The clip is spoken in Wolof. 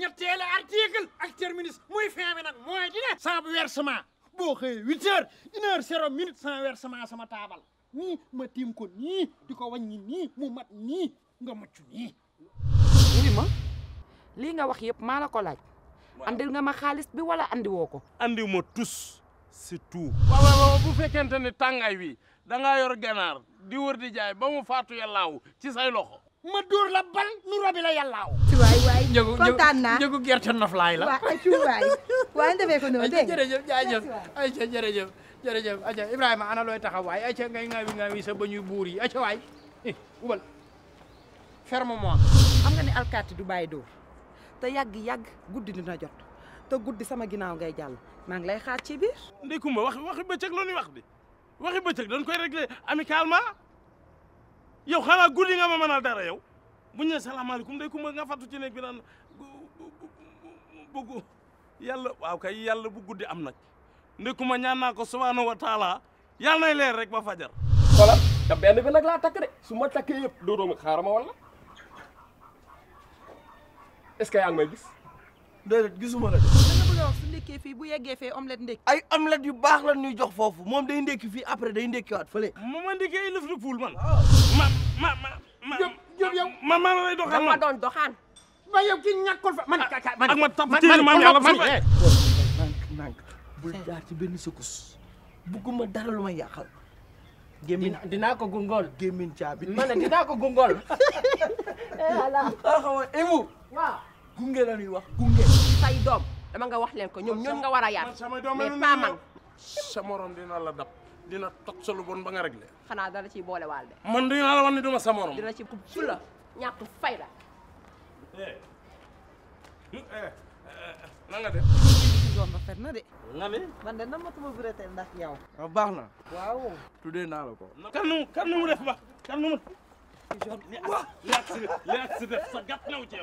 ñetteelu article ak terminus muy fin bi nag mooy dina sans versement bo xëyee 8h 1h 0 minute sans versement sama taabal ni ma tim ko ni di ko ni ni mu mat ni nga mucc ni ni ma li nga wax yépp mala ko laaj andil nga ma xaliss bi wala andi woko andi mo tous c'est tout wa wa bu fekkente ne tàngaay wi da nga yor ganaar di wër di jaay ba mu faatu yallaaw ci say loxo ma dóor la bal nu rabi la yàllaaw. Ya ci way way kontaan naa njëgu gerte nof laay ya la. waaw ci waay ande be ko jere dégg nga jërëjëf jere jere jere jërëjëf ayca Ibrahima ana loy taxaw ay ci ngay ŋaawi ŋaawi sa bañuy buur yi ayca waay eh ubal ferme mo am nga ne alkaati du baye dóor te yag yag guddi dina jot te guddi sama ginaaw ngay jall ma ngi lay xaar ci bir ndekuma wax wax beccak lo ni wax di waxi beccak dañ koy régler amicalement. yow xanaa guddi nga ma mënal dara yow bu ñu nee salaamaaleykum day kumba nga fàttu ci nekk bi naan bëggu yàlla waaw kay yàlla bu guddi am nag ndekuma ñaan naa ko subhaanahu wa taala yàlla nay leer rek ba fajar. voilà te benn bi nag laa takk de su ma takkee yëpp dootoo ma xaaral ma wala est-ce que yaa ngi may gis. déedéet gisuma la de. dama bëgg a wax su ndekkee fii bu yeggee fee omelette ndekki. ay omelette yu baax la ñuy jox foofu moom day ndekki fii après day ndekkiwaat fële. moom ma ndekkee lëf de poule man. Ah. ma ma ma ma. jë jëf yow ma ma ma lay doxaan ma doon doxaan. ma yow ki ñàkkoon fa man. Ah, man ak ma topp téel maam yàlla fan fa. Eh. nank nank bul jaar ci benn secours. bugguma dara lu may yàqal. gémmiñ dinaa ko gungool. gémmiñ caabi. ma ne dinaa ko gungool. eh voilà. Ah, xaw ma Ibou. waaw. gungé lañuy wax gungé say dom dama nga wax len ko ñom ñoom nga wara a mais pa man. sa morom dina la dab dina tok sa lu bon ba nga réglé. dara ci bolé wal dé man dina la wone duma sa morom. dina ci kub la ñak fay la. na nga def. doon rafet na de. nga ne. man de namatuma bureteel ndax yow. waaw baax waaw. la ko. kan nu kan nu def ba kan nu